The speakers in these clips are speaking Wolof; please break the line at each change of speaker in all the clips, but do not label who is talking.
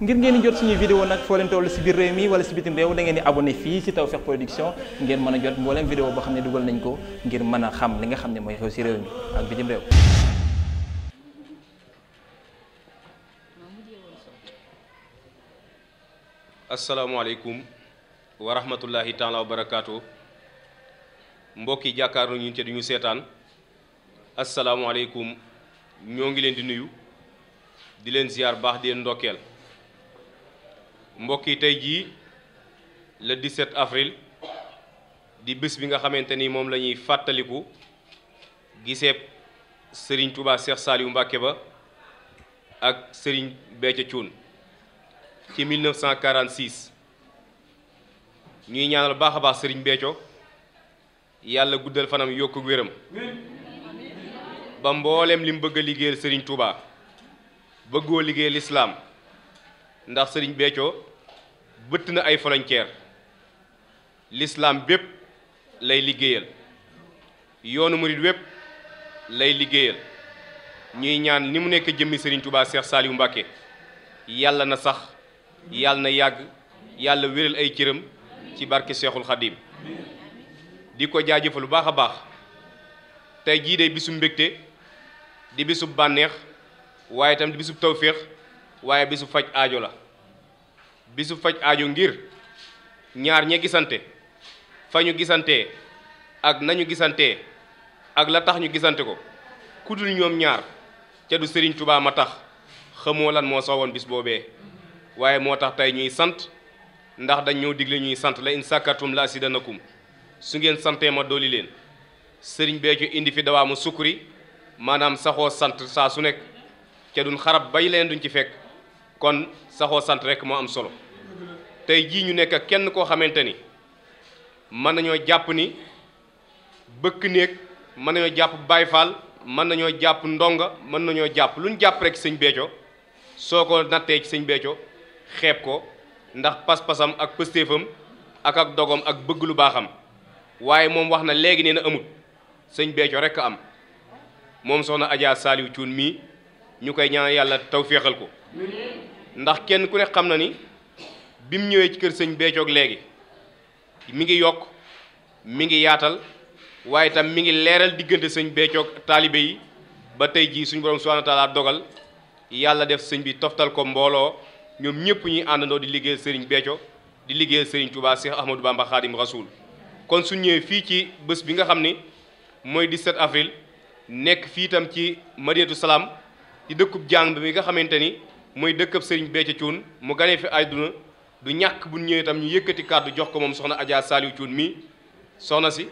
ngir ngeen di jot suñuy vidéo nag foo leen toll si biir réew mi wala si bitim réew da ngeen di abonné fii si Tawfekh Production ngeen mën a jot mbooleem vidéo boo xam ne dugal nañ ko ngir mën a xam li nga xam ne mooy xew si réew mi ak bitim réew asalaamaaleykum wa rahmatullahi taala wa barakaatu yi jàkkaarloo ñu te duñu seetaan asalaamaaleykum ñoo ngi leen di nuyu di leen ziar baax di leen ndokkeel mbokk yi tey jii le 17 afril di bés bi nga xamante ni moom lañuy fàttaliku giseeb Serigne Touba Cheikh Saliou Mbacké ba ak Serigne Béthio Thioune ci 1946 ñuy ñaanal baax a baax Serigne Béthio yàlla guddal fanam yokk wéram ba mbooleem li mu bëgg a liggéeyal Serigne Touba bëggoo liggéey lislaam ndax sëriñ Béthio bëtt na ay frontière lislaam bépp lay liggéeyal yoonu murid wépp lay liggéeyal ñuy ñaan ni mu nekk jëmmi sëriñ tubaa Cheikh Saliou Mbacké yàlla na sax yàlla na yàgg yàlla wéral ay cëram ci barke Cheikhul Khadim di ko jaajëfal lu baax a baax tey jii day bisu mbégte di bisu bànneex waaye itam di bisu tawféex waaye bisu faj aajo la bisu faj aajo ngir ñaar ña gisante fa ñu gisantee ak nañu gisantee ak la tax ñu gisante ko ku dul ñoom ñaar ca du Sëriñ Tubaa ma tax xamoo lan moo soowoon bis boobee waaye moo tax tey ñuy sant ndax dañu ñoo digle ñuy sant la in sàkkartum la asidanakum su ngeen santee ma dooli leen sëriñ Béthio indi fi dawaamu sukkuri maanaam saxoo sant saa su nekk ca dun xarab bay leen duñ ci fekk kon saxoo sant rek moo am solo tey jii ñu nekk kenn koo xamante ni mën nañoo jàpp ni bëkk néeg mën nañoo jàpp Baay Faal mën nañoo jàpp ndonga mën nañoo jàpp lu jàpp rek sëñ Béthio soo ko nattee ci sëñ Béthio xeeb ko ndax pas-pasam ak pëstéefam ak ak dogom ak bëgg lu baaxam waaye moom wax na léegi nee na amut sëñ Béthio rek am moom soxna Adja Saliou Thioune mii ñu koy ñaan yàlla tawféexal ko ndax kenn ku ne xam na ni bi mu ñëwee ci kër sëñ Béthio léegi mi ngi yokk mi ngi yaatal waaye tam mi ngi leeral diggante sëñ Béthio taalibe yi ba tey jii suñu borom subhanahu wa taala dogal yàlla def sëñ bi toftal ko mbooloo ñoom ñëpp ñuy àndandoo di liggéeyal sëriñ Béthio di liggéeyal sëñ Touba Cheikh Ahmadou Bamba Khadim Rasoul kon suñ ñëwee fii ci bés bi nga xam ni mooy 17 avril nekk fii itam ci Madinatu Salaam di dëkkub jàng bi nga xamante ni. muy dëkkab sëriñ Béthio Thioune mu ganee fi àdduna du ñàkk bu ñëwee itam ñu yëkkati kàddu jox ko moom soxna Adja Saliou Thioune mii soxna si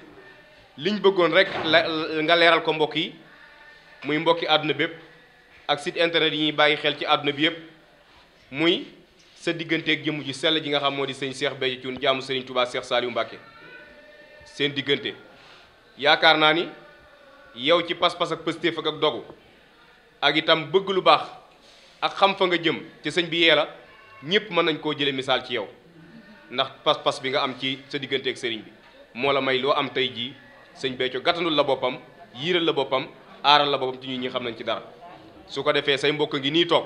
liñ bëggoon rek nga leeral ko mbokk yi muy mbokki àdduna bépp ak site internet yi ñuy bàyyi xel ci àdduna bi yëpp muy sa digganteeg jëmm ji sell ji nga xam moo di sëñ Cheikh Béthio Thioune jaamu sëriñ Touba Cheikh Saliou Mbacké seen diggante yaakaar naa ni yow ci pas-pas ak pëstéef ak dogu ak itam bëgg lu baax ak xam fa nga jëm ci sëñ bi yee la ñëpp mën nañ koo jëlee misaal ci yow ndax pas-pas bi nga am ci sa digganteeg sëriñ bi moo la may loo am tey jii sëñ Béthio gàttanul la boppam yiiral la boppam aaral la boppam ci ñu ñi xam nañ ci dara su ko defee say mbokk ngi nii toog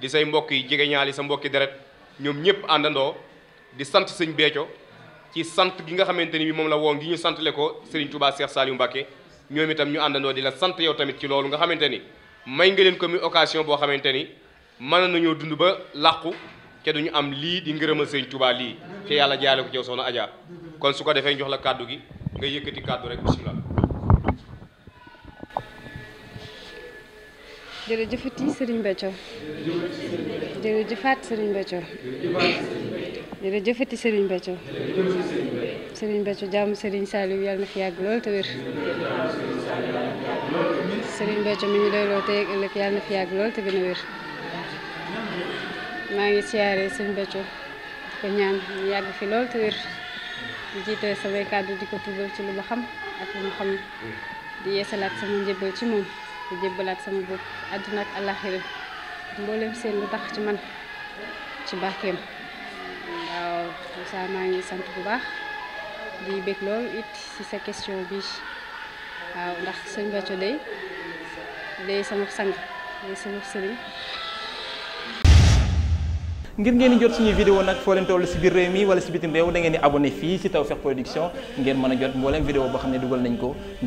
di say mbokk yi jege ñaali sa mbokki deret ñoom ñëpp àndandoo di sant sëñ Béthio ci sant gi nga xamante ni bi moom la woo ngi ñu santle ko sëriñ Touba Cheikh Saliou Mbacké ñoom itam ñu àndandoo di la sant yow tamit ci loolu nga xamante ni may nga leen ko mi occasion boo xamante ni mën nañoo dund ba làqu te duñu am lii di ngërëmal sëñ Touba lii te yàlla jaale ko ci soxna Adja kon su ko defee jox la kàddu gi nga yëkkati kàddu rek bismillah jërëjëfati sëriñ Béthio jërëjëfaat sëriñ Béthio jërëjëfati sëriñ Béthio sëriñ Béthio jaamu sëriñ Saliou yàlla na fi yàgg lool te Serigne Béthio mi ñu doyloo tey ak ëllëg yàlla na fi yàgg lool te gën a wér maa ngi siyaare Serigne Béthio di ko ñaan ñu yàgg fi lool te wér di jiite samay kàddu di ko tuubal ci lu ma xam ak lu ma xam di yeesalaat sama njëbbal ci moom di jëbbalaat sama bopp àdduna ak àllaaxira mboolem seen lu tax ci man ci barkeem waaw maa ngi sant bu baax di bég lool it ci sa question bi waaw ndax sëñ Béthio day day sama sang day sama sëriñ ngir ngeen di jot suñuy vidéo nag foo leen toll si biir réew mi wala si bitim réew da ngeen di abonné fii si Tawfekh Production ngeen mën a jot mbooleem vidéo boo xam ne dugal nañ ko ngir